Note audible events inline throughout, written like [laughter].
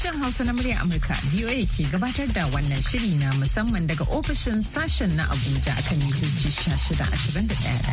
Sashen Hausa na murya Amurka VOA ke gabatar da wannan shiri na musamman daga ofishin sashen na Abuja akan mitoci 1621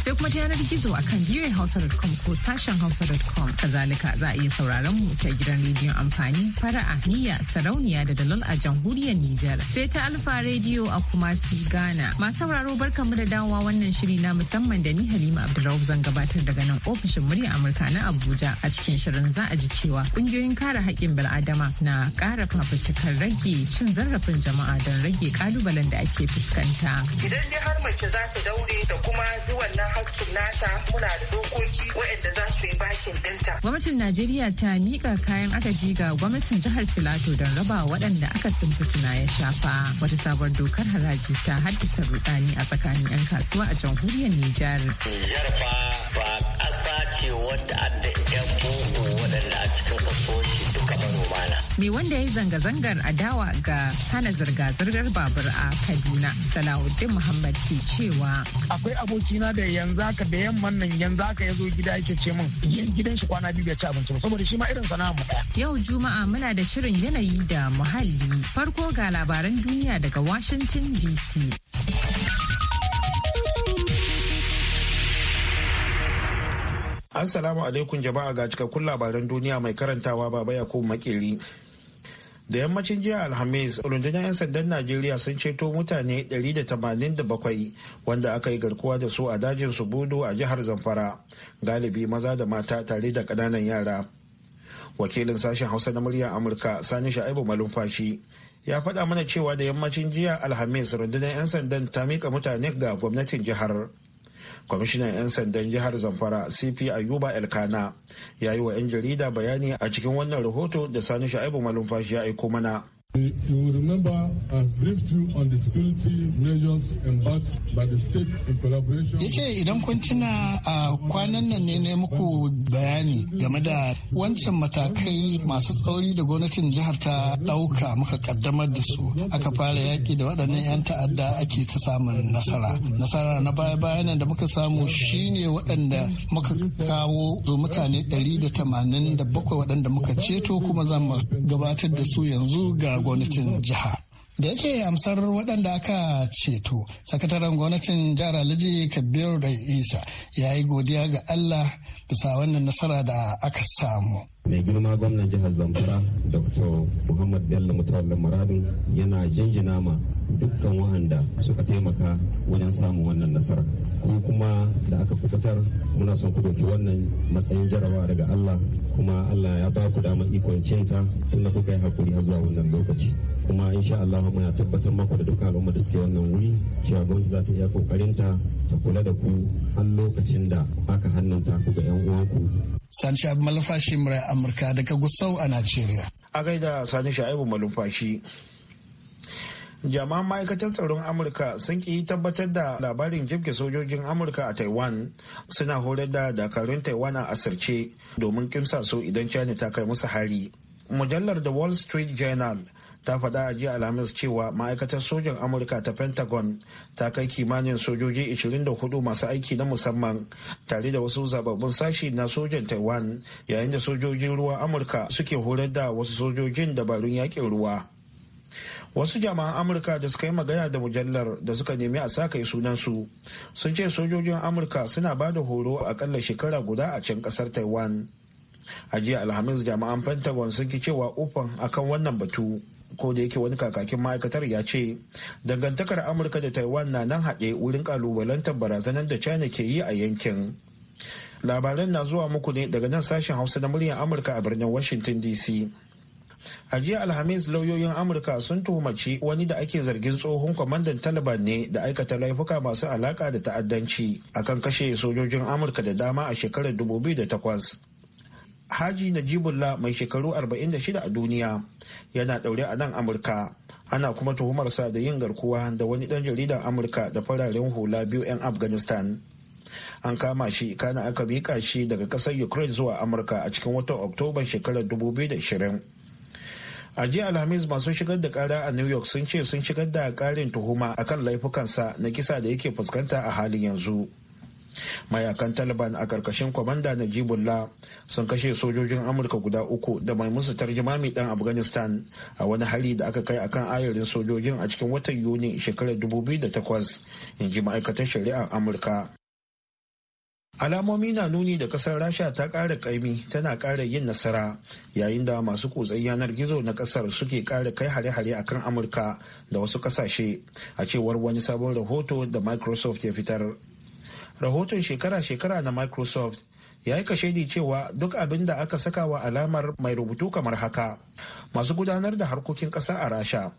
sai kuma ta yanar gizo akan voahausa.com ko sashen hausa.com. Kazalika za a iya sauraron mu ta gidan rediyon amfani fara'a niyya sarauniya da dalol a jamhuriyar Nijar sai ta Alfa rediyo a kuma Kumasi Ghana. Masu sauraro barkamu da dawowa wannan shiri na musamman da ni Halima Abdullahi zan gabatar daga nan ofishin murya Amurka na Abuja a cikin shirin za a ji cewa ƙungiyoyin kare haƙƙin haƙƙin bil'adama na ƙara fafutukar rage cin zarafin jama'a don rage kalubalen da ake fuskanta. Idan dai har mace za ta daure da kuma zuwan wannan haƙƙin nata muna da dokoki waɗanda za su yi bakin dinta. Gwamnatin Najeriya ta miƙa kayan agaji ga gwamnatin jihar Filato don raba waɗanda aka sun fituna ya shafa. Wata sabuwar dokar haraji ta haddasa rudani a tsakanin 'yan kasuwa a jamhuriyar Nijar. Nijar ba ƙasa ce wadda adda 'yan boko waɗanda a cikin kasuwanci haka Me wanda ya yi zanga-zangar adawa ga hana zirga-zirgar babur a Kaduna, Salahuddin Muhammad ke cewa. Akwai abokina da yanzu haka da yamman nan yanzu haka ya zo gida yake ce min gidan shi kwana biyu ya ci abinci ba saboda shi ma irin sana'a mu ɗaya. Yau Juma'a muna da shirin yanayi da muhalli. Farko ga labaran duniya daga Washington DC. Assalamu alaikum jama'a ga cikakkun labaran duniya mai karantawa baba Yakubu Makeri. da yammacin jiya alhamis rundunar 'yan sandan najeriya sun ceto mutane 187 wanda aka yi garkuwa da su a dajin subudu a jihar zamfara galibi maza da mata tare da ƙananan yara wakilin sashen hausa na muryar amurka sani sha'ibu malumfashi ya faɗa mana cewa da yammacin jiya alhamis rundunar 'yan sandan ta mika mutane ga gwamnatin jihar kwamishinan 'yan sandan jihar zamfara cp ayuba elkana ya yi wa 'yan jarida bayani a cikin wannan rahoto da sani sha'ibu malumfashi ya aiko mana You will remember I briefed you on the security measures embarked by the state in collaboration. Yace idan kun tuna a kwanan nan ne ne muku bayani game da wancan matakai masu tsauri da gwamnatin jihar ta ɗauka muka kaddamar da su aka fara yaƙi da waɗannan 'yan ta'adda ake ta samun nasara. Nasara na baya bayan da muka samu shine waɗanda muka kawo zo mutane 187 waɗanda muka ceto kuma za mu gabatar da su yanzu ga gwamnatin jiha. da yake amsar waɗanda aka ceto sakataren gwamnatin jihar alhaji kabiru da isa ya yi godiya ga allah bisa wannan nasara da aka samu mai girma gwamnan jihar zamfara dr muhammad bello mutawallin maradu yana jinjina ma dukkan wahanda suka taimaka wajen samun wannan nasara ku kuma da aka kubutar muna son ku dauki wannan matsayin jarawa daga Allah kuma Allah ya ba ku dama ikon cinta tun da kuka yi hakuri har zuwa wannan lokaci kuma insha Allah muna tabbatar maku da dukkan al'umma da suke wannan wuri cewa gwamnati za ta iya kokarinta ta kula da ku har lokacin da aka hannunta ku ga 'yan uwanku. Sani Shabu Malfashi Amurka daga Gusau a Najeriya. A gaida Sani Sha'ibu malufashi jama'an ma'aikatar tsaron amurka sun ki tabbatar da labarin jibge sojojin amurka a taiwan suna horar da dakarun taiwan a asirce domin kimsa su idan china ta kai musu hari mujallar the wall street journal ta faɗa a jiya alhamis cewa ma'aikatar sojan amurka ta pentagon ta kai kimanin sojoji 24 masu aiki na musamman tare da wasu zababbun sashi na sojan taiwan yayin da sojojin ruwa amurka suke horar da wasu sojojin dabarun yakin ruwa wasu jama'an amurka da suka yi magana da mujallar da suka nemi a sa kai sunansu sun ce sojojin amurka suna ba da horo akalla shekara guda a can kasar taiwan a jiya alhamis jama'an pentagon sun ki cewa ufan akan wannan batu ko da yake wani kakakin ma'aikatar ya ce dangantakar amurka da taiwan na nan haɗe wurin kalubalantar barazanar da china ke yi a yankin labaran na zuwa muku ne daga nan sashen hausa na muryar amurka a birnin washington dc a jiya alhamis lauyoyin amurka sun tuhumaci wani da ake zargin tsohon kwamandan taliban ne da aikata laifuka masu alaka da ta'addanci akan kashe sojojin amurka da dama a shekarar 2008 haji najibullah mai shekaru 46 a duniya yana daure a nan amurka ana kuma tuhumarsa da yin garkuwa da wani dan jaridan amurka da fararen hula biyu 'yan afghanistan an kama shi kana aka miƙa shi daga ƙasar ukraine zuwa amurka a cikin watan oktoban shekarar 2020 a jiya alhamis masu shigar da kara a new york sun ce sun shigar da karin tuhuma kan laifukansa na kisa da yake fuskanta a halin yanzu mayakan taliban a karkashin kwamanda na jibulla sun kashe sojojin amurka guda uku da mai musu mai dan afghanistan a wani hari da aka kai akan ayarin sojojin a cikin watan yuni shekarar 2008 in ji ma'aikatar shari'ar amurka alamomi na nuni da kasar rasha ta ƙara ƙaimi tana ƙara yin nasara yayin da masu kutsen yanar gizo na ƙasar suke ƙara kai hare-hare a kan amurka da wasu ƙasashe a cewar wani sabon rahoto da microsoft ya fitar rahoton shekara-shekara na microsoft ya yi kashedi cewa duk abin da aka saka wa alamar mai rubutu kamar haka masu gudanar da harkokin ƙasa a rasha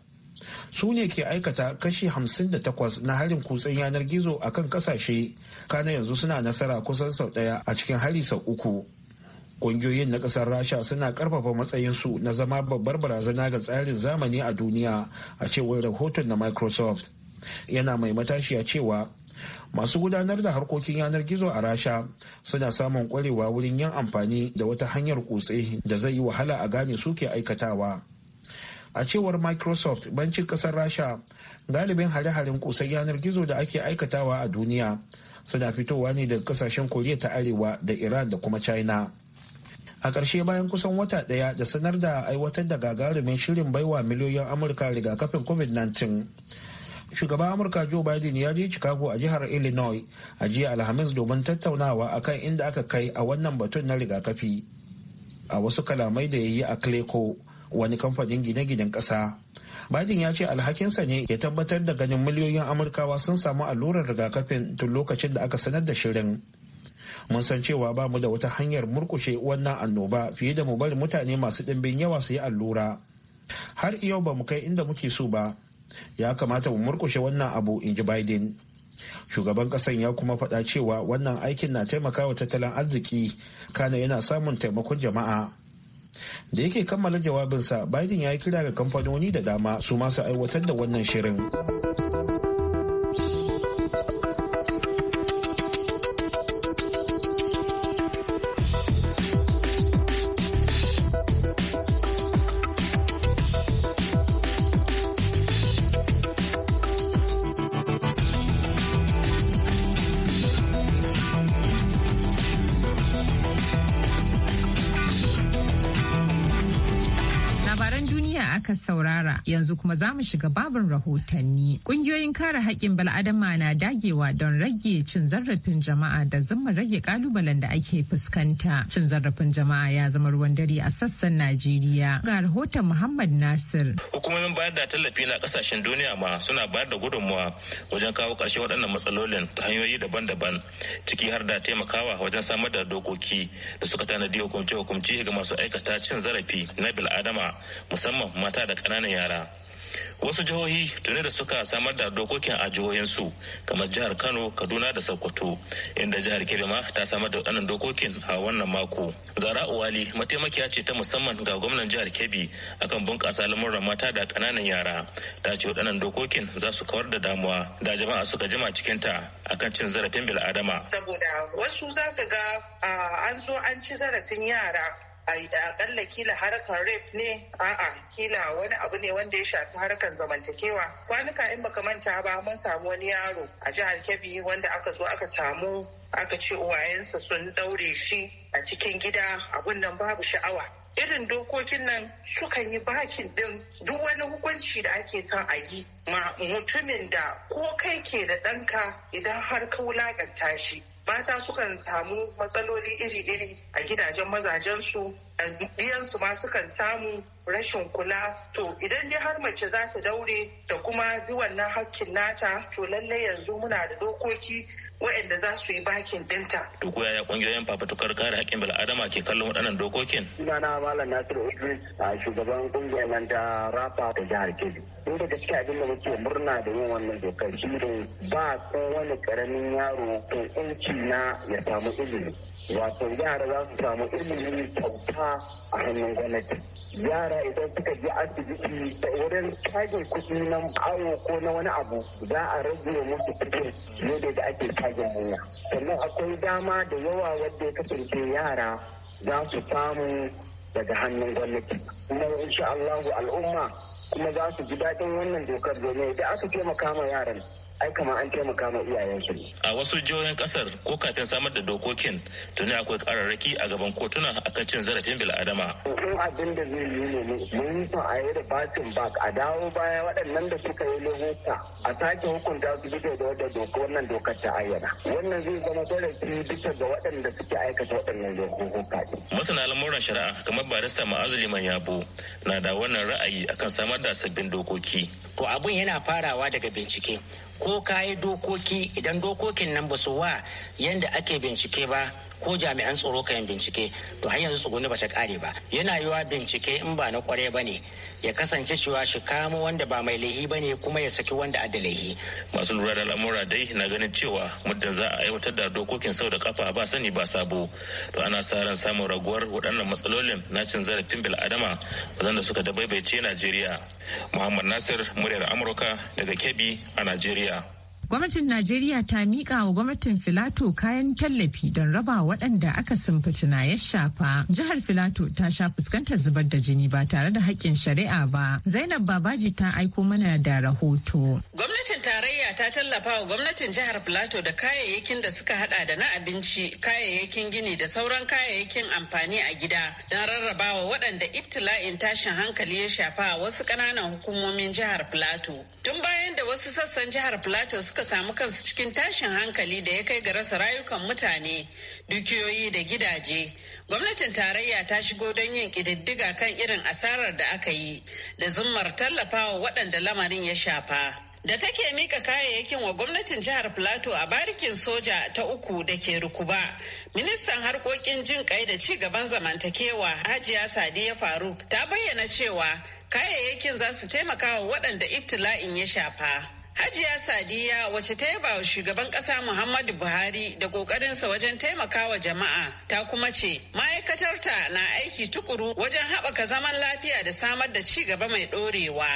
su ne ke aikata kashi 58 na harin kutsen yanar gizo a kan kasashe kana yanzu suna nasara kusan sau daya a cikin hari sau uku ƙungiyoyin na ƙasar rasha suna ƙarfafa matsayinsu na zama babbar barazana ga tsarin zamani a duniya a cewar rahoton na microsoft yana mai matashiya cewa masu gudanar da harkokin yanar gizo a rasha suna samun ƙwarewa wurin yin amfani da wata hanyar kutse da zai yi wahala a gane suke aikatawa a cewar microsoft bancin kasar rasha galibin hare-haren kusan yanar gizo da ake aikatawa a duniya suna fitowa ne daga kasashen koriya ta arewa da iran da kuma china a ƙarshe bayan kusan wata ɗaya da sanar da aiwatar da gagarumin shirin baiwa miliyoyin amurka rigakafin covid-19 shugaban amurka joe biden ya je chicago a jihar illinois a jiya alhamis domin tattaunawa akan inda aka kai a wannan batun na rigakafi a wasu kalamai da ya yi a clayco wani kamfanin gine-ginen ƙasa. Biden ya ce alhakinsa ne ya tabbatar da ganin miliyoyin Amurkawa sun samu allurar rigakafin tun lokacin da aka sanar da shirin. Mun san cewa ba mu da wata hanyar murkushe wannan annoba fiye da mu bari mutane masu ɗimbin yawa su yi allura. Har iyo ba mu kai inda muke so ba. Ya kamata mu murkushe wannan abu, in ji Biden. shugaban kasan ya kuma faɗa cewa wannan aikin na taimakawa tattalin arziki kana yana samun taimakon jama'a da yake kammala jawabinsa biden ya yi kira ga kamfanoni da dama su masu aiwatar da wannan shirin aka saurara yanzu kuma za mu shiga babin rahotanni. Kungiyoyin kare haƙƙin bal'adama na dagewa don rage cin zarafin jama'a da zama rage kalubalen da ake fuskanta. Cin zarafin jama'a ya zama ruwan dare a sassan Najeriya. Ga rahoton Muhammad Nasir. Hukumomin bayar da tallafi na kasashen duniya ma suna bayar da gudunmuwa wajen kawo ƙarshe waɗannan matsalolin ta hanyoyi daban-daban ciki har da taimakawa wajen samar da dokoki da suka tanadi hukumce-hukumce ga masu aikata cin zarafi na bil'adama musamman mata da ƙananan yara wasu jihohi tuni da suka samar da dokokin a jihohinsu kamar jihar kano kaduna da sokoto inda jihar kirima ta samar da waɗannan dokokin a wannan mako zara uwali mataimakiya ce ta musamman ga gwamnan jihar kebbi akan bunkasa lamuran mata da kananan yara ta ce waɗannan dokokin za su kawar da damuwa da jama'a suka jima cikin ta akan cin zarafin bil'adama saboda wasu za ga an zo an ci zarafin yara akalla kila harkar rape ne a'a kila wani abu ne wanda ya shafi harkar zamantakewa kwanuka in baka manta ba mun samu wani yaro a jihar kebbi wanda aka zo aka samu aka ce uwayensa sun daure shi a cikin gida abun nan babu sha'awa irin dokokin nan sukan yi bakin din duk wani hukunci da ake son a yi ma mutumin da ko kai ke da ɗanka idan har ka wulakanta shi mata sukan samu matsaloli iri-iri a gidajen mazajensu su, biyansu ma sukan samu rashin kula to idan dai har mace za ta daure da kuma bi wannan hakkin nata to lallai yanzu muna da dokoki waɗanda za su yi bakin ɗinta. Duk yaya ƙungiyoyin fafatukar kare haƙƙin bil'adama ke kallon waɗannan dokokin? Sunana Malam Nasiru Idris a shugaban ƙungiyar nan ta Rafa ta jihar Kebbi. inda da gaske abin da muke murna da yin wannan dokar shi ne ba wani ƙaramin yaro ko ƴanci na ya samu ilimi. Wato yara za su samu ilimi kyauta a hannun gwamnati. yara idan suka je asibiti da wurin kage kuɗi na awo ko na wani abu za a rage musu kuɗin yadda da ake kage hanya sannan akwai dama da yawa wadda ya kasance yara za su samu daga hannun gwamnati kuma insha Allahu al'umma kuma za su ji daɗin wannan dokar domin idan aka taimaka ma yaran ai kamar an taimaka ma iyayensu a wasu jihohin kasar ko kafin samar da dokokin tuni akwai kararraki a gaban kotuna akan cin zarafin bil'adama in abin da zai yi ne mun fa a yi da batin bak a dawo baya waɗannan da suka yi lehota a sake hukunta su bisa da wadda doka wannan dokar ta ayyana wannan zai zama zarafi bisa ga waɗanda suke aikata waɗannan dokokuka masana lamuran shari'a kamar barista ma'azu liman yabo na da wannan ra'ayi akan samar da sabbin dokoki to abun yana farawa daga bincike ko ka yi dokoki idan dokokin nan ba su wa yadda ake bincike ba ko jami'an tsaro ka yin bincike to har yanzu tsuguni ba ta kare ba yana yiwa bincike in ba na kware ba ne ya kasance cewa shi kamo wanda ba mai laihi ba ne kuma ya saki wanda a da laihi. Masu lura da al'amura dai na ganin cewa muddin za a aiwatar da dokokin sau da kafa ba sani ba sabo to ana sa ran samun raguwar waɗannan matsalolin na cin zarafin bil'adama waɗanda suka dabaibaice Najeriya. Muhammad Nasir muryar Amurka daga Kebbi a Najeriya. Gwamnatin Najeriya ta miƙa wa gwamnatin Filato kayan tallafi don raba waɗanda aka na ya shafa. Jihar Filato ta sha fuskantar zubar da jini ba tare da haƙƙin shari'a ba. Zainab Babaji ta aiko mana da rahoto. Gwamnatin tarayya ta tallafa wa gwamnatin jihar Filato da kayayyakin da suka hada da na abinci, kayayyakin gini da sauran kayayyakin amfani a gida don rarrabawa waɗanda ibtila'in tashin hankali ya shafa wasu ƙananan hukumomin jihar Filato. Tun bayan da wasu sassan jihar Filato suka suka samu kansu cikin tashin hankali da ya kai ga rasa rayukan mutane dukiyoyi da gidaje gwamnatin tarayya ta shigo don yin ƙididdiga kan irin asarar da aka yi da zummar tallafawa waɗanda lamarin ya shafa da take mika kayayyakin wa gwamnatin jihar plateau a barikin soja ta uku da ke rukuba ministan harkokin jin kai da ci gaban zamantakewa hajiya sadiya faruk ta bayyana cewa kayayyakin za su taimaka wa waɗanda ibtila'in ya shafa Hajiya Sadiya wace ta yaba wa shugaban kasa Muhammadu Buhari da kokarinsa wajen taimakawa jama'a ta kuma ce ma'aikatarta na aiki tukuru wajen haɓaka zaman lafiya da samar da ci gaba mai ɗorewa.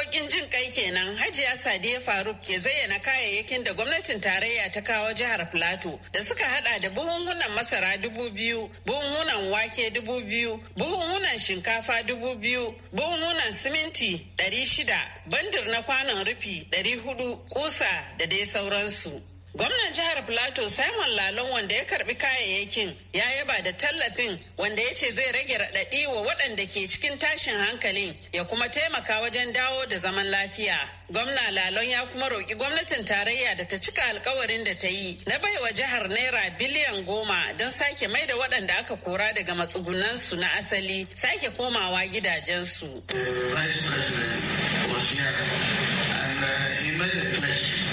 harkokin jin kai kenan hajiya sadiya faruk ke zayyana kayayyakin da gwamnatin tarayya ta kawo jihar plateau da suka hada da buhunhunan masara dubu biyu buhunhunan wake dubu biyu buhunhunan shinkafa dubu biyu buhunhunan siminti ɗari shida bandir na kwanon rufi ɗari hudu kusa da dai sauransu Gwamnan jihar Plateau Simon Lalon wanda ya karbi kayayyakin ya yaba da tallafin wanda ya ce zai rage raɗaɗi wa waɗanda ke cikin tashin hankalin ya kuma taimaka wajen dawo da zaman lafiya. Gwamna Lalon ya kuma roƙi gwamnatin tarayya da ta cika alkawarin da ta yi na baiwa jihar Naira biliyan goma don sake mai da waɗanda aka kora daga matsugunansu na asali sake komawa gidajensu. Vice President was here and uh, he made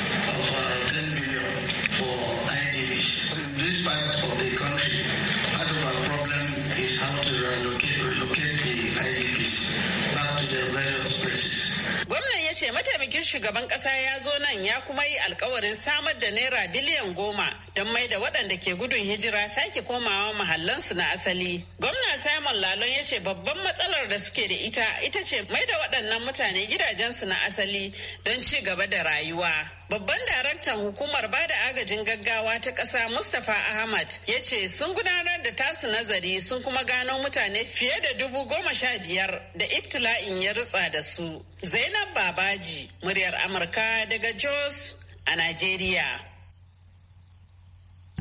ce mataimakin shugaban kasa ya zo nan ya kuma yi alkawarin samar da naira biliyan goma don mai da waɗanda ke gudun hijira sake komawa mahallansu na asali. Gwamna Simon Lalon ya ce babban matsalar da suke da ita ita ce mai da waɗannan mutane gidajensu na asali don ci gaba da rayuwa. Babban daraktan hukumar ba da agajin gaggawa ta ƙasa Mustapha Ahmad ya ce sun gudanar da tasu nazari sun kuma gano mutane fiye da dubu goma sha biyar da ibtila'in ya rutsa da su. Zainab Babaji, muryar Amurka daga Jos a Najeriya.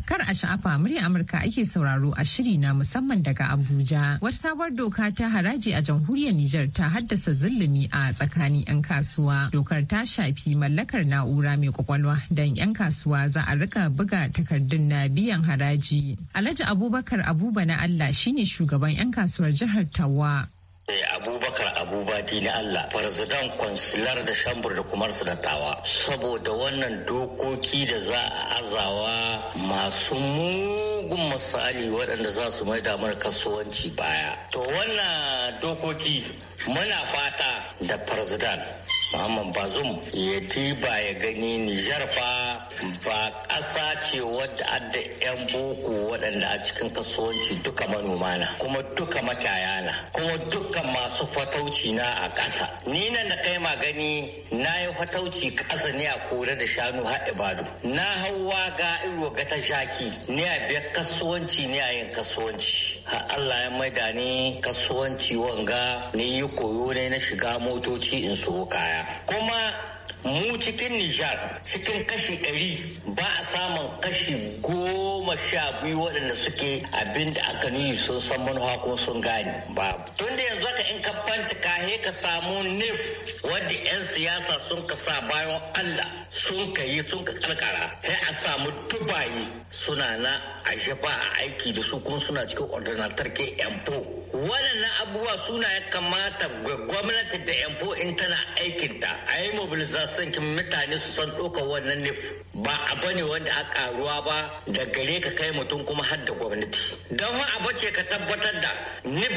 kar a sha'afa murya Amurka ake sauraro a shiri na musamman daga Abuja. Wata sabuwar doka ta haraji a jamhuriyar Nijar ta haddasa zulumi a tsakanin 'yan kasuwa. Dokar ta shafi mallakar na'ura mai kwakwalwa don 'yan kasuwa za a rika buga takardun na biyan haraji. Alhaji Abubakar Abuba na Allah shine shugaban 'yan kasuwar jihar Tawa. Eh, abubakar abubadi na allah farzidan kwansilar da shambur da kuma tawa. saboda wannan dokoki da za a azawa masu mugun misali waɗanda za su mai damar kasuwanci baya to wannan dokoki muna fata da farzidan muhammad bazum ya ba ya gani nijar fa ba ƙasa ce wadda adda 'yan boko waɗanda a cikin kasuwanci duka manoma na kuma duka makaya na kuma duka masu fatauci na a ƙasa ni nan da kai magani na yi fatauci ƙasa ne a kore da shanu har ibadu na hawa ga iro ga ta shaki ne a biya kasuwanci ne a yin kasuwanci har Allah ya maida ni kasuwanci wanga ni yi koyo ne na shiga motoci in so kaya kuma mu cikin nijar cikin kashi ɗari ba a samun kashi goma sha biyu waɗanda suke abin da aka nuyi sun san manuwa ko sun gane ba tunda yanzu haka in ka bincika he ka samu nif wadda 'yan siyasa sun ka sa bayan allah sun ka yi sun ka karkara sai a samu tubayi suna na a ba a aiki da su kuma suna cikin ordinatar ke empo waɗannan abubuwa suna ya kamata gwamnati da empo in tana aikinta a yi mobilization son mutane su san doka wannan ne ba abu ne wanda a karuwa ba da gare ka kai mutum kuma har da gwamnati don wa abu ce ka tabbatar da nif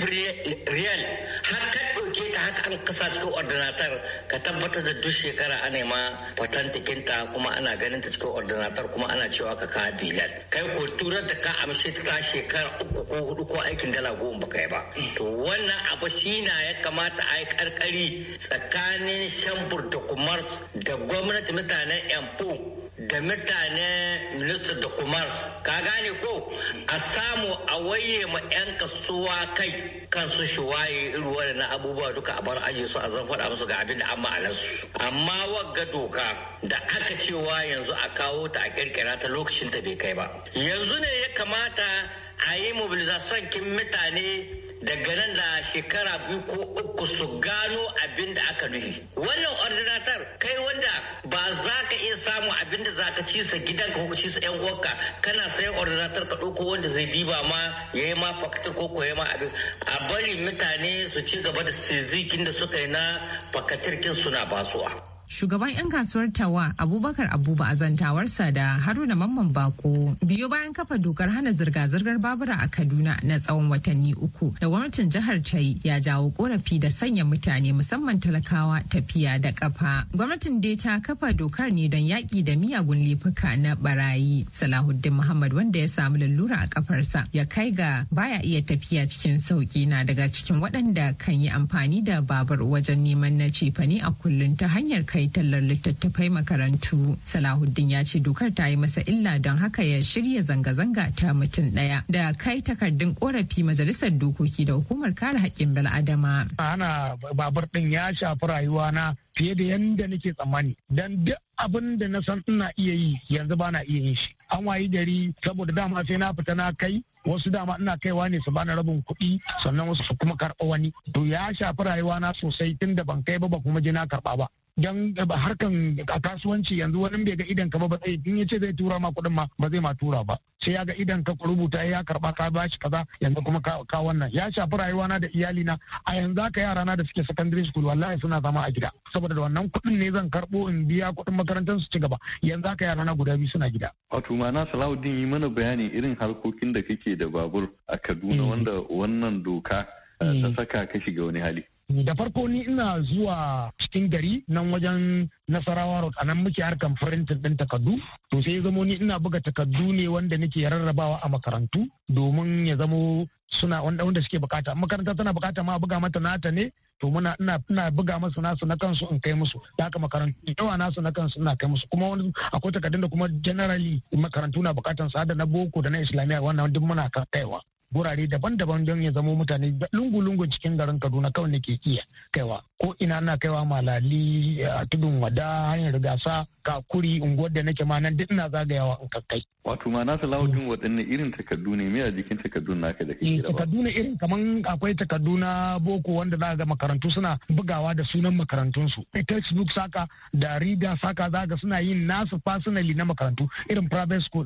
real har ka ɗauke ta haka an kasa cikin ordinatar ka tabbatar da duk shekara ana ma fatan tikinta kuma ana ganin ta cikin ordinatar kuma ana cewa ka ka bilal kai ko turar da ka amshe ta shekara uku ko hudu ko aikin dala goma ba kai ba to wannan abu shi na ya kamata a yi karkari tsakanin shambur da kumar da gwamnati mutanen yanfu da mutanen minista da kumar ka gane ko a samu a waye ma 'yan kasuwa kai kansu shi waye ruwan da na abubuwa duka a bar aji su a zan faɗa musu ga abin da an su. amma wagga doka da aka cewa yanzu a kawo ta a kirkira ta lokacin ta bai kai ba yanzu ne ya kamata a yi mobilizasyon kin mutane daga nan da shekara biyu ko uku su gano abin da aka nuhi wannan ordinatar kai wanda ba za ka iya samu abin da za ka ci sa ka ko ci sa yan uwarka kana sayan ordinatar ka ɗauko wanda zai diba ma ya yi ma fakatar ko ko ya ma abin a bari mutane su ci gaba da sizikin da suka yi na kin suna basuwa shugaban 'yan kasuwar tawa abubakar abuba a zantawarsa da haruna mamman bako biyo bayan kafa dokar hana zirga-zirgar babura a kaduna na tsawon watanni uku da gwamnatin jihar ta ya jawo korafi da sanya mutane musamman talakawa tafiya da kafa gwamnatin dai ta kafa dokar ne don yaƙi da miyagun laifuka na barayi salahuddin muhammad wanda ya samu lalura a kafarsa ya kai ga baya iya tafiya cikin sauki na daga cikin waɗanda kan yi amfani da babur wajen neman na cefane a kullum ta hanyar kai tallar littattafai makarantu. Salahuddin ya ce dokar ta yi masa illa don haka ya shirya zanga-zanga ta mutum ɗaya da kai takardun korafi majalisar dokoki da hukumar kare haƙƙin bil'adama. Ana babur ɗin ya shafi rayuwa na fiye da yadda nake tsammani don duk abin da na san ina iya yi yanzu ba na iya yin shi an wayi gari saboda dama sai na fita na kai wasu dama ina kaiwa ne su bani rabin kuɗi sannan wasu su kuma karɓa wani to ya shafi rayuwa na sosai tun da ban kai ba ba kuma ji na karɓa ba don eh, harkan kasuwanci yanzu wani bai ga idan ka ba zai in ya ce zai tura ma kuɗin ma ba zai ma tura ba sai ya ga idan eh, ka rubuta ya karba ka bashi kaza yanzu kuma ka wannan ya shafi rayuwa na da iyali na a yanzu haka na da suke secondary school wallahi suna zama a gida saboda da wannan kuɗin ne zan karbo in biya kuɗin makarantar su ci gaba yanzu haka na guda biyu suna gida. wato ma'ana salahuddin yi mana bayani irin harkokin da kake da babur a kaduna mm. wanda wannan doka eh, ta mm. saka ka shiga wani hali. Da farko ni ina zuwa cikin gari nan wajen Nasarawa Road a nan muke harkan printing ɗin takardu. To sai ya zamo ni ina buga takardu ne wanda nake rarrabawa a makarantu domin ya zamo suna wanda suke bukata makaranta tana bukata ma buga mata nata ne to muna ina ina buga masu nasu na kansu in kai musu da haka makarantu yawa nasu na kansu ina kai musu kuma wani akwai takardun da kuma generally makarantu na bukatan su na boko da na islamiyya wannan duk muna kaiwa gurare daban-daban don ya zamo mutane lungu-lungu cikin garin kaduna kawai ne ke iya kaiwa ko ina na kaiwa malali a tudun wada hanyar gasa kakuri unguwar da nake ma nan duk ina zagayawa in kakkai. wato ma na salawudin waɗanne irin takardu ne me a jikin na naka da kake eh, ba. takardu ne irin kaman akwai takardu na boko wanda za ga makarantu suna bugawa da sunan makarantunsu textbook saka da reader saka za suna yin nasu fasinali na makarantu irin private school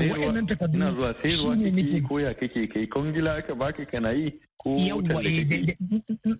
wa'annan takardun ina zuwa sai ruwa kike koya kike kai kongila ka baki kana yi ko eh,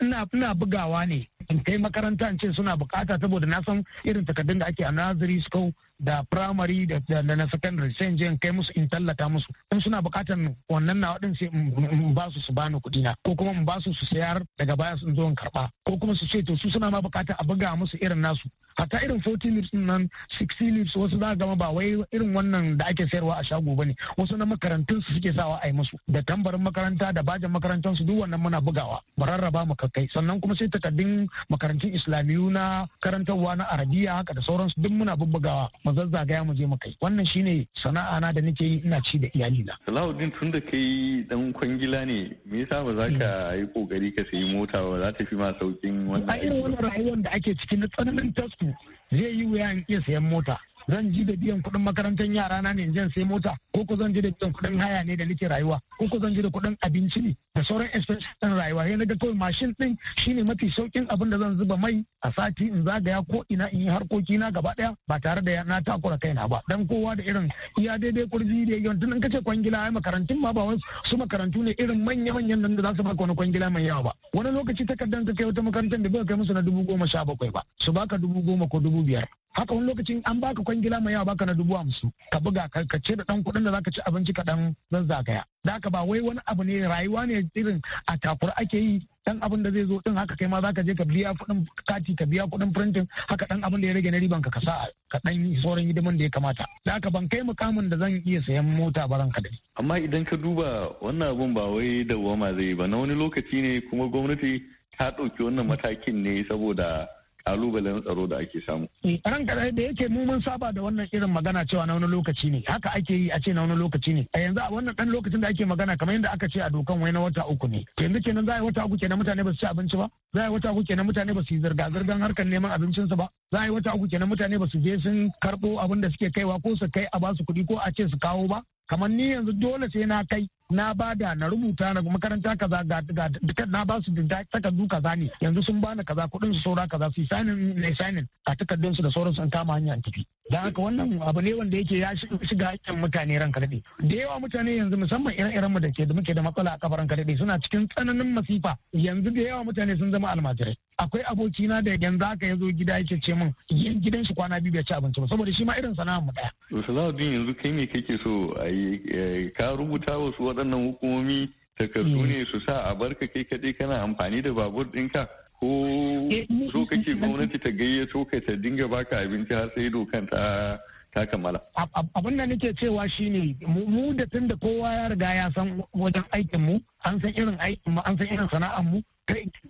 ina bugawa ne in kai makaranta in ce suna bukata saboda na san irin takardun da ake a nazari school da primary da na secondary sai in je in kai musu in tallata musu in suna bukatan wannan na din sai in ba su su bani kuɗi na ko kuma in ba su su sayar daga baya sun zo in karba ko kuma su ce to su suna ma bukata a buga musu irin nasu hatta irin 40 leaves nan 60 leaves wasu za gama ba wai irin wannan da ake sayarwa a shago ne. wasu na makarantun su suke sawa a yi musu da tambarin makaranta da bajin makarantun su duk wannan muna bugawa mu rarraba mu kai sannan kuma sai takardun makarantun islamiyu na karantarwa na arabiya haka da sauransu duk muna bugawa mu zazzagaya mu je mu kai wannan shine sana'a na da nake yi ina ci da iyali na Salahuddin tun da kai dan kwangila ne me yasa ba za ka hmm. yi kokari ka sayi mota ba za ta fi ma saukin wannan a irin wannan rayuwar da ake ciki na tsananin tasku zai yi wuya in iya sayan mota zan ji da biyan kuɗin makarantar yara na ne zan sai mota ko ko zan ji da biyan kuɗin haya ne da nake rayuwa ko ko zan ji da kuɗin abinci ne da sauran expenses ɗin rayuwa sai na ga kawai mashin ɗin shine mafi saukin abin da zan zuba mai a sati in zagaya ko ina in yi harkoki na gaba ɗaya ba tare da na takura kaina ba dan kowa da irin iya daidai kurji da yawan tun in kace kwangila ai makarantun ma ba su makarantu ne irin manya-manyan nan da za su baka wani kwangila mai yawa ba wani lokaci takardar ka kai wata makarantar da bai kai musu na dubu goma sha bakwai ba su baka dubu goma ko dubu biyar haka wani lokacin an baka kwangila mai yawa baka na dubu hamsin ka buga ka ce da dan kuɗin da zaka ci abinci ka dan zazzagaya da haka ba wai wani abu ne rayuwa ne irin a takura ake yi dan abin da zai zo din haka kai ma zaka je ka biya kuɗin kati ka biya kuɗin printing haka dan abin da ya rage na riban ka ka sa ka dan sauran hidiman da ya kamata da haka ban kai mukamin da zan iya sayan mota ba ranka dai amma idan ka duba wannan abun ba wai dawoma zai ba na wani lokaci ne kuma gwamnati ta ɗauki wannan matakin ne saboda kalubalen tsaro da ake samu. Ran kadai da yake mu mun saba da wannan irin magana cewa na wani lokaci ne haka ake yi a ce na wani lokaci ne a yanzu a wannan dan lokacin da ake magana kamar yadda aka ce a dokan wai na wata uku ne to yanzu kenan za a yi wata uku kenan mutane ba su ci abinci ba za a yi wata uku kenan mutane ba su yi zirga zirgan harkar neman abincinsu ba za a yi wata uku kenan mutane ba su je sun karɓo abin da suke kaiwa ko su kai a ba su kuɗi ko a ce su kawo ba kamar ni yanzu dole sai na kai na bada na rubuta na makaranta kaza ga dukkan na ba su takardu kaza ne yanzu sun bani kaza kuɗin su saura kaza su sanin ne sanin a takardun su da sauransu an kama hanya tafi da haka wannan abu ne wanda yake ya shiga hakkin mutane ran da yawa mutane yanzu musamman ire-iren mu da ke da muke da matsala a kafaran kadade suna cikin tsananin masifa yanzu da yawa mutane sun zama almajirai akwai abokina da yanzu zaka ya zo gida yake ce min yin gidan shi kwana biyu bai ci abinci ba saboda shi ma irin sana'a mu daya Salahuddin yanzu kai me kake so eh, ka rubuta wasu waɗannan hukumomi takardu ne su sa a barka kai kaɗai kana amfani da babur ɗinka ko eh, so kake [laughs] gwamnati ta gayyato ka ta dinga baka abinci har sai dokan ta ta Abin da nake cewa shine mu da tun da kowa ya riga ya san wajen aikin mu an san irin aikin mu an san irin sana'ar mu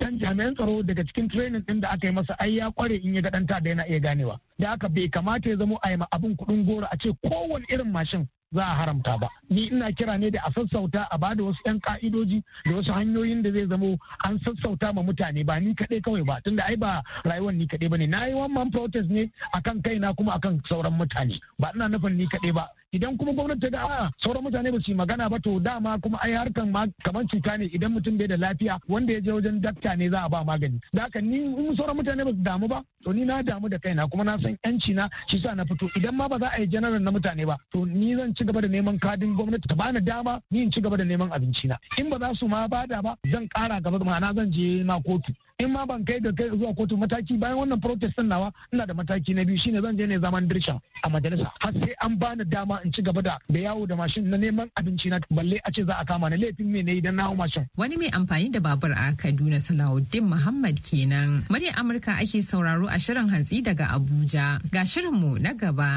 dan jami'an tsaro daga cikin training din da aka yi masa ai ya kware in ya ga dan ta da yana iya ganewa da haka bai kamata ya zamo a yi abin kuɗin goro a ce kowane irin mashin za a haramta ba ni ina kira ne da a sassauta a bada wasu yan ka'idoji da wasu hanyoyin da zai zamo an sassauta ma mutane ba ni kaɗai kawai ba tunda ai ba rayuwar ni kaɗai ba ne na yi man protest ne akan kaina kuma akan sauran mutane ba ina nufin ni kaɗai ba idan kuma gwamnati ta ga a sauran mutane ba su yi magana ba to dama kuma ai harkan ma kamar cuta ne idan mutum bai da lafiya wanda ya je wajen dakta ne za a ba magani da haka ni in sauran mutane ba su damu ba to ni na damu da kaina kuma na san yanci na shi sa na fito idan ma ba za a yi janaral na mutane ba to ni zan ci gaba da neman kadin gwamnati ta bani dama ni in ci gaba da neman abinci na in ba za su ma bada ba zan kara gaba na zan je na kotu in ma ban kai da kai zuwa kotu mataki bayan wannan protest din nawa ina da mataki na biyu shine zan je ne zaman dirsha a majalisa har sai an bani dama in ci gaba da da yawo da mashin na neman abinci na balle a ce za a kama ni laifin me ne idan na hau mashin wani mai amfani da babur a Kaduna Salahuddin Muhammad kenan muryar Amurka ake sauraro a shirin hantsi daga Abuja ga shirinmu na gaba.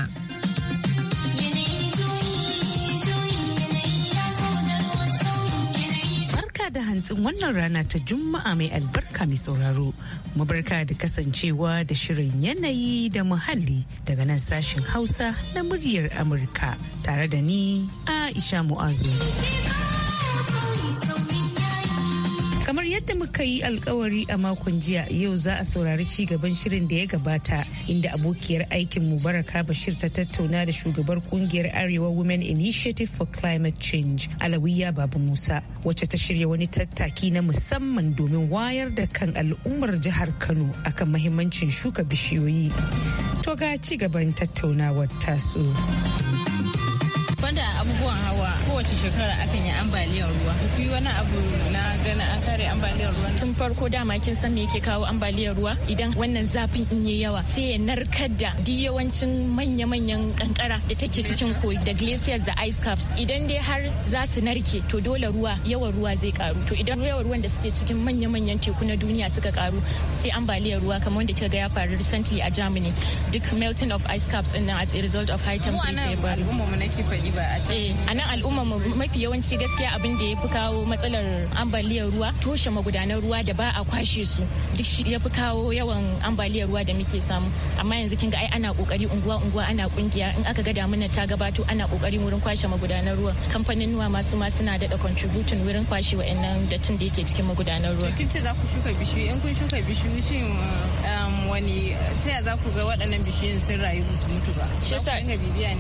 hantsin wannan rana ta Juma'a mai albarka mai sauraro. Mabarka da kasancewa da shirin yanayi da muhalli daga nan sashen Hausa na muryar Amurka tare da ni Aisha Mu'azu. yadda muka yi alkawari a makon jiya yau za a saurari ci gaban shirin da ya gabata inda abokiyar aikin mubaraka bashir ta tattauna da shugabar kungiyar arewa women initiative for climate change alawiya babu musa wacce ta shirya wani tattaki na musamman domin wayar da kan al'ummar jihar kano akan mahimmancin shuka bishiyoyi to ga ci gaban tattaunawar tasu banda abubuwan hawa kowace shekara akan yi ambaliyar ruwa duk wani abu na gana an kare ambaliyar ruwa tun farko dama kin san me yake kawo ambaliyar ruwa idan wannan zafin in yi yawa sai ya narkar da duk yawancin manya-manyan kankara da take cikin koyi da glaciers da ice caps idan dai har za su narke to dole ruwa yawan ruwa zai karu to idan yawan ruwan da suke cikin manya-manyan teku na duniya suka karu sai ambaliyar ruwa kamar wanda kika ga ya faru recently a Germany duk melting of ice caps din as a result of high temperature ba a eh, a nan al'umma mafi yawanci gaskiya abin da ya fi kawo matsalar ambaliyar ruwa toshe magudanan ruwa da ba a kwashe su duk shi ya fi kawo yawan ambaliyar ruwa da muke samu amma yanzu kin ga ai ana kokari unguwa unguwa ana kungiya in aka ga damuna ta gabato ana kokarin wurin kwashe magudanan ruwa kamfanin nuwa masu ma suna dada contributing wurin kwashe wa'annan dattin da yake cikin magudanan ruwa kin ce za ku shuka bishiyu in kun shuka bishiyu shin um, wani ta ya za ku ga waɗannan bishiyun sun rayu su mutu ba bibiya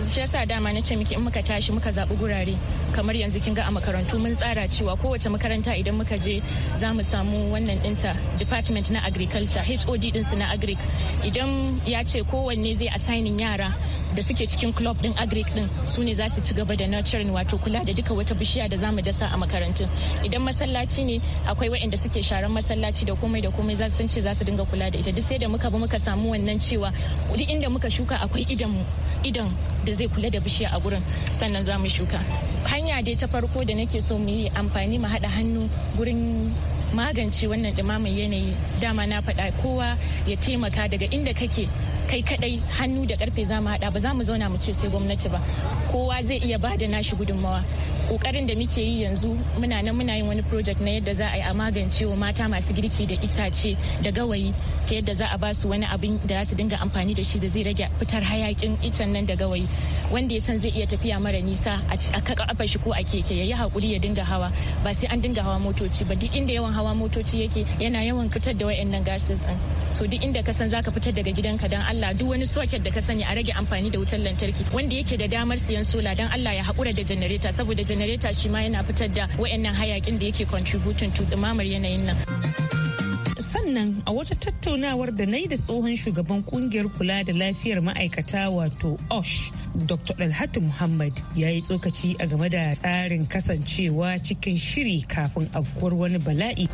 shi yasa dama na ce miki in muka tashi muka zaɓi gurare kamar yanzu kin ga a makarantu mun tsara cewa kowace makaranta idan muka je za mu samu wannan ɗinta department na agriculture hod ɗinsu na agric idan ya ce kowanne zai assigning yara da suke cikin club din agric din su ne za su ci gaba da nurturing wato kula da duka wata bishiya da zamu dasa a makarantun idan masallaci ne akwai waɗanda suke sharan masallaci da komai da komai za su ce za su dinga kula da ita duk sai da muka bi muka samu wannan cewa duk inda muka shuka akwai idan idan da zai kula da bishiya a gurin sannan za mu shuka hanya dai ta farko da nake so mu yi amfani mu haɗa hannu gurin magance wannan ɗumamin yanayi dama na faɗa kowa ya taimaka daga inda kake kai kadai hannu da karfe za mu hada ba za mu zauna mu ce sai gwamnati ba kowa zai iya ba da nashi gudunmawa kokarin da muke yi yanzu muna nan muna yin wani project na yadda za a yi a magance wa mata masu girki da itace da gawayi ta yadda za a ba su wani abin da za su dinga amfani da shi da zai rage fitar hayakin itan nan da gawayi wanda ya san zai iya tafiya mara nisa a kafa shi ko a keke ya yi hakuri ya dinga hawa ba sai an dinga hawa motoci ba duk inda yawan hawa motoci yake yana yawan fitar da wayannan gases din so duk inda ka san zaka fitar daga gidanka dan Allah duk wani socket da ka sani a rage amfani da wutar lantarki wanda yake da damar siyan sola dan Allah ya haƙura da janareta saboda janareta shi ma yana fitar da wayannan hayakin da yake contributing to dumamar yanayin nan. sannan a wata tattaunawar da na yi da tsohon shugaban kungiyar kula da lafiyar ma'aikata wato osh dr dalhatu muhammad ya yi tsokaci a game da tsarin kasancewa cikin shiri kafin afkuwar wani bala'i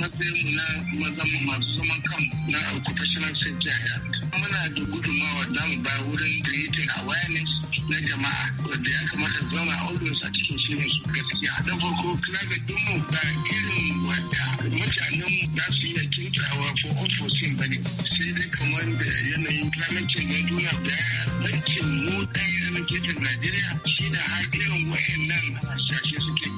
matsayin mu na mu masu zaman kan na occupational safety alliance muna da gudunmawa da mu ba wurin creating awareness na jama'a wanda ya kamata zama always a cikin shirin su gaskiya da farko climate din mu ba irin wanda mutanen mu za su iya kintawa ko all ba ne sai dai kamar da yanayin climate change na duniya da bankin mu ɗaya na Najeriya shi da har irin wayannan shashe suke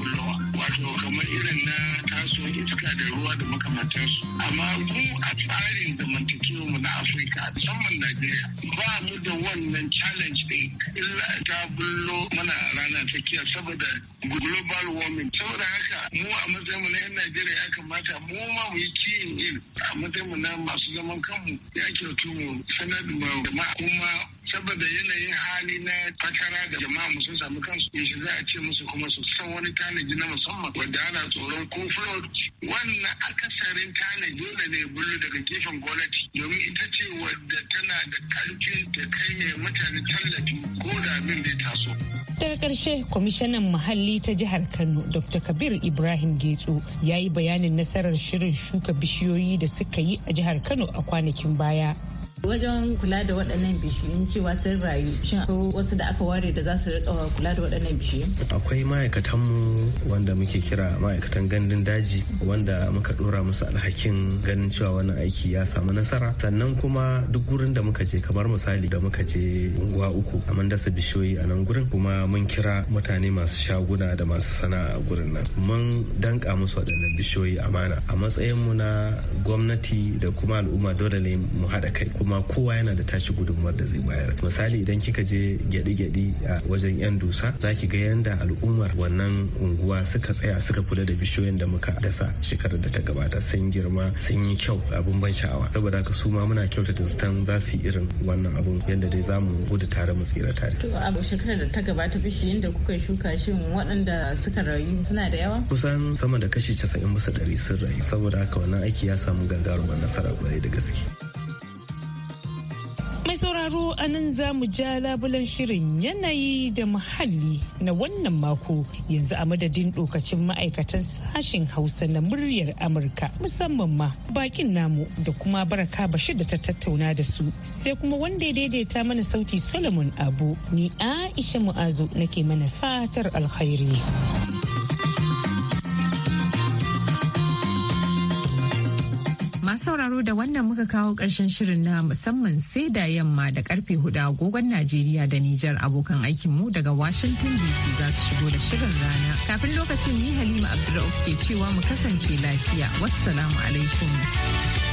tsarin zamantakewa mu na Afirka musamman Najeriya ba mu da wannan challenge ɗin illa ta bullo mana rana tsakiya saboda global warming saboda haka mu a matsayin mu na 'yan Najeriya ya kamata mu ma mu yi kiyin il a matsayin mu na masu zaman kanmu ya kyautu mu sanar da jama'a kuma saboda yanayin hali na takara da jama'a sun samu kansu in shi za a ce musu kuma su san wani tanaji na musamman wanda ana tsoron ko fraud wannan akasarin tanaji da ne bullo daga gefen gwamnati domin ita ce wadda tana da karfin ta kai mai mutane tallafi ko da min bai taso. Daga ƙarshe kwamishinan muhalli ta jihar Kano Dr. Kabir Ibrahim Getso ya yi bayanin nasarar shirin shuka bishiyoyi da suka yi a jihar Kano a kwanakin baya. wajen kula da waɗannan bishiyun cewa sun rayu shin wasu da aka ware da za su riƙa kula da waɗannan bishiyun akwai ma'aikatanmu wanda muke kira ma'aikatan gandun daji wanda muka ɗora musu alhakin ganin cewa wannan aiki ya samu nasara sannan kuma duk gurin da muka je kamar misali da muka je unguwa uku a dasa bishiyoyi a nan gurin kuma mun kira mutane masu shaguna da masu sana'a a gurin nan mun danka musu waɗannan bishiyoyi amana a matsayin mu na gwamnati da kuma al'umma dole ne mu haɗa kai kuma amma kowa yana da tashi gudunmuwar da zai bayar misali idan kika je gyaɗi-gyaɗi a wajen yan dusa za ki ga yanda al'ummar wannan unguwa suka tsaya suka kula da bishiyoyin da muka dasa shekarar da ta gabata sun girma sun yi kyau abin ban sha'awa saboda haka su ma muna kyautata su za su yi irin wannan abun yadda dai za mu gudu tare mu tsira tare. to a shekarar da ta gabata bishiyoyin da kuka shuka shi waɗanda suka rayu suna da yawa. kusan sama da kashi casa'in bisa ɗari sun rayu saboda haka wannan aiki ya samu gagarumar nasara kwarai da gaske. Mai sauraro a nan za mu ja labulan shirin yanayi da muhalli na wannan mako yanzu a madadin dokacin ma'aikatan sashen Hausa na muryar Amurka musamman ma bakin namu da kuma baraka bashi da ta tattauna da su sai kuma wanda ya daidaita mana sauti Solomon Abu ni Aisha Mu'azu nake mana fatar alkhairi. Masu sauraro da wannan muka kawo ƙarshen shirin na musamman sai da yamma da karfe hudu agogon Najeriya da Nijar abokan aikinmu daga Washington DC za su shigo da shirin rana. Kafin lokacin ni Halima Abdulrauf ke cewa mu kasance lafiya. Wassalamu alaikum.